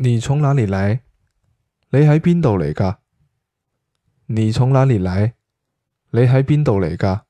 你從哪裏來？你喺邊度嚟㗎？你從哪裏來？你喺邊度嚟㗎？